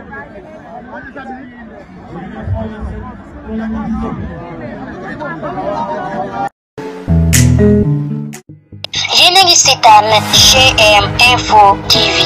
Yine listeden JM Info TV